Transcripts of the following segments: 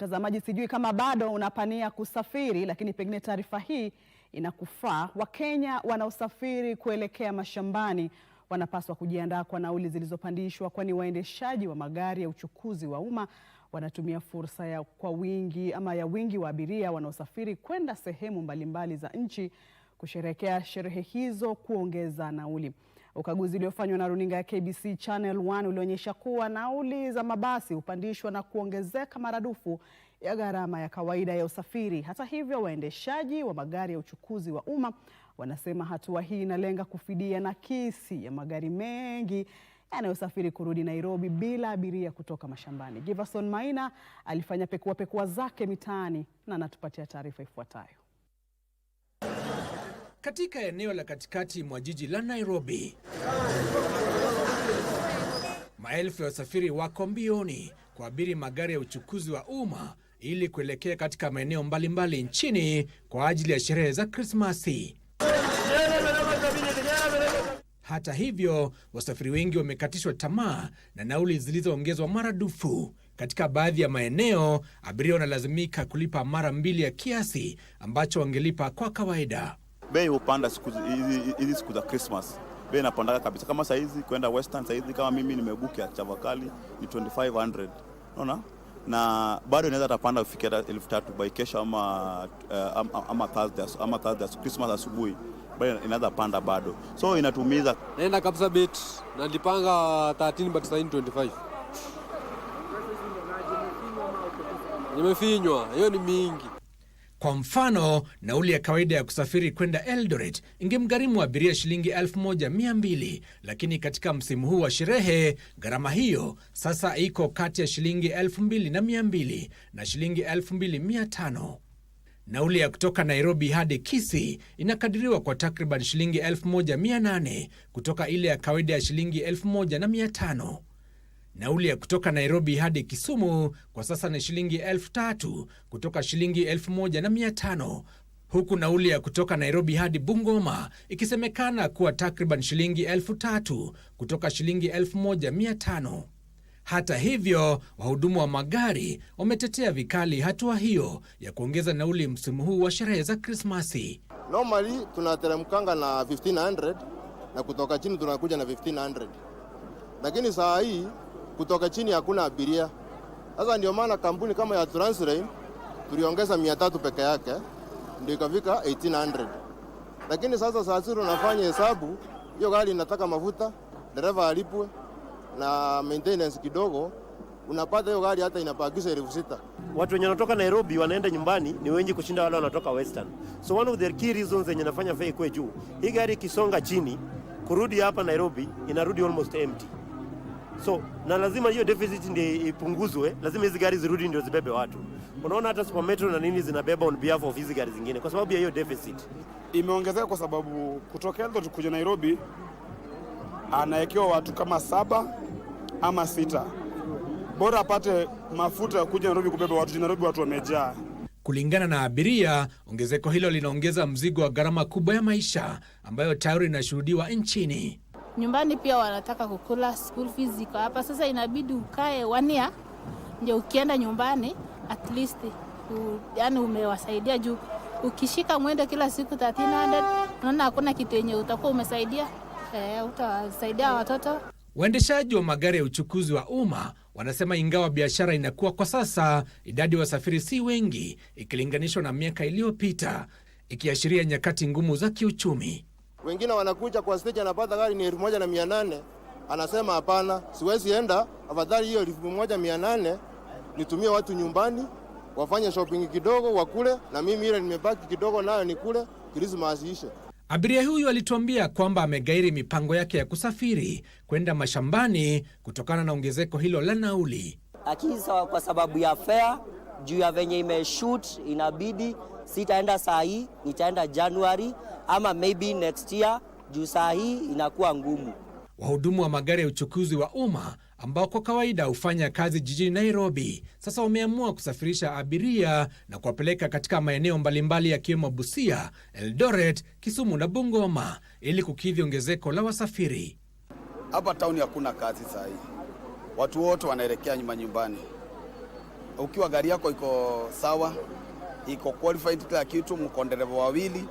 Mtazamaji, sijui kama bado unapania kusafiri, lakini pengine taarifa hii inakufaa. Wakenya wanaosafiri kuelekea mashambani wanapaswa kujiandaa kwa nauli zilizopandishwa, kwani waendeshaji wa magari ya uchukuzi wa umma wanatumia fursa ya kwa wingi ama ya wingi wa abiria wanaosafiri kwenda sehemu mbalimbali za nchi kusherehekea sherehe hizo kuongeza nauli. Ukaguzi uliofanywa na runinga ya KBC Channel 1 ulionyesha kuwa nauli za mabasi hupandishwa na kuongezeka maradufu ya gharama ya kawaida ya usafiri. Hata hivyo, waendeshaji wa magari ya uchukuzi wa umma wanasema hatua hii inalenga kufidia nakisi ya magari mengi yanayosafiri kurudi Nairobi bila abiria kutoka mashambani. Giverson Maina alifanya pekua pekua zake mitaani na anatupatia taarifa ifuatayo katika eneo la katikati mwa jiji la Nairobi. Maelfu ya wasafiri wako mbioni kuabiri magari ya uchukuzi wa umma ili kuelekea katika maeneo mbalimbali nchini kwa ajili ya sherehe za Krismasi. Hata hivyo, wasafiri wengi wamekatishwa tamaa na nauli zilizoongezwa maradufu. Katika baadhi ya maeneo, abiria wanalazimika kulipa mara mbili ya kiasi ambacho wangelipa kwa kawaida bei hupanda siku hizi, siku za Christmas bei inapanda kabisa. Kama saa hizi kwenda Western saa hizi kama mimi nimebuki chavakali ni 2500 unaona, na bado inaweza tapanda kufikia elfu tatu by kesho ama, uh, ama Thursday ama Thursday Christmas asubuhi bado inaweza panda bado, so inatumiza. Naenda kabisa bit na nilipanga 13 but sasa ni 25. Nimefinywa, hiyo ni mingi. Kwa mfano, nauli ya kawaida ya kusafiri kwenda Eldoret ingemgharimu abiria shilingi 1200 lakini katika msimu huu wa sherehe gharama hiyo sasa iko kati ya shilingi 2200 na shilingi 2500. Nauli ya kutoka Nairobi hadi Kisii inakadiriwa kwa takriban shilingi 1800 kutoka ile ya kawaida ya shilingi 1500. Nauli ya kutoka Nairobi hadi Kisumu kwa sasa ni shilingi elfu tatu kutoka shilingi elfu moja na mia tano huku nauli ya kutoka Nairobi hadi Bungoma ikisemekana kuwa takriban shilingi elfu tatu kutoka shilingi elfu moja mia tano. Hata hivyo, wahudumu wa magari wametetea vikali hatua hiyo ya kuongeza nauli msimu huu wa sherehe za Krismasi. Normally tunateremkanga na 1500 na kutoka chini tunakuja na 1500 lakini saa hii kutoka chini hakuna abiria. Sasa ndio maana kampuni kama ya Transrail tuliongeza 300 peke yake ndio ikafika 1800. Lakini sasa saasiri unafanya hesabu, hiyo gari inataka mafuta, dereva alipwe na maintenance kidogo, unapata hiyo gari hata inapakisha elfu sita. Watu wenye wanatoka Nairobi wanaenda nyumbani ni wengi kushinda wale wanatoka Western, so one of the key reasons zenye nafanya fare ikuwe juu, hii gari ikisonga chini kurudi hapa Nairobi inarudi almost empty. So na lazima hiyo deficit ndio ipunguzwe, lazima hizi gari zirudi ndio zibebe watu. Unaona hata super metro na nini zinabeba on behalf of hizi gari zingine kwa sababu ya hiyo deficit. Imeongezeka kwa sababu kutoka Eldoret kuja Nairobi anawekewa watu kama saba ama sita, bora apate mafuta ya kuja Nairobi kubeba watu. Nairobi watu wamejaa. Kulingana na abiria, ongezeko hilo linaongeza mzigo wa gharama kubwa ya maisha ambayo tayari inashuhudiwa nchini nyumbani pia wanataka kukula, school fees iko hapa. Sasa inabidi ukae wania ndio ukienda nyumbani at least yani umewasaidia juu ukishika mwendo kila siku 1300 unaona hakuna kitu yenye utakuwa umesaidia e, eh, utawasaidia watoto. Waendeshaji wa magari ya uchukuzi wa umma wanasema ingawa biashara inakuwa kwa sasa, idadi ya wasafiri si wengi ikilinganishwa na miaka iliyopita, ikiashiria nyakati ngumu za kiuchumi. Wengine wanakuja kwa stage anapata gari ni elfu moja na mia nane anasema hapana, siwezi enda, afadhali hiyo elfu moja mia nane nitumie watu nyumbani wafanye shopping kidogo wakule, na mimi ile nimebaki kidogo nayo kule Krismasi ishe. Abiria huyu alituambia kwamba amegairi mipango yake ya kusafiri kwenda mashambani kutokana na ongezeko hilo la nauli, lakini kwa sababu ya fare juu ya venye imeshut inabidi Sitaenda saa hii, nitaenda Januari ama maybe next year, juu saa hii inakuwa ngumu. Wahudumu wa magari ya uchukuzi wa umma ambao kwa kawaida hufanya kazi jijini Nairobi sasa wameamua kusafirisha abiria na kuwapeleka katika maeneo mbalimbali yakiwemo Busia, Eldoret, Kisumu na Bungoma ili kukidhi ongezeko la wasafiri. Hapa tauni hakuna kazi saa hii, watu wote wanaelekea nyuma nyumbani. Ukiwa gari yako iko sawa, iko qualified kila kitu, mko dereva wawili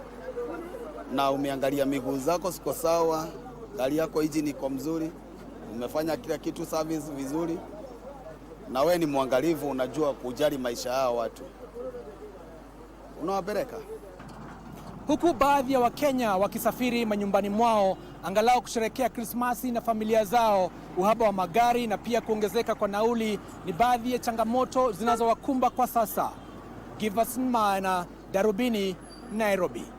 na umeangalia miguu zako siko sawa, gari yako hiji niko mzuri, umefanya kila kitu service vizuri, na we ni mwangalivu, unajua kujali maisha yao watu unawapeleka huku. Baadhi ya Wakenya wakisafiri manyumbani mwao angalau kusherekea Krismasi na familia zao. Uhaba wa magari na pia kuongezeka kwa nauli ni baadhi ya changamoto zinazowakumba kwa sasa. Giverson Maina, Darubini, Nairobi.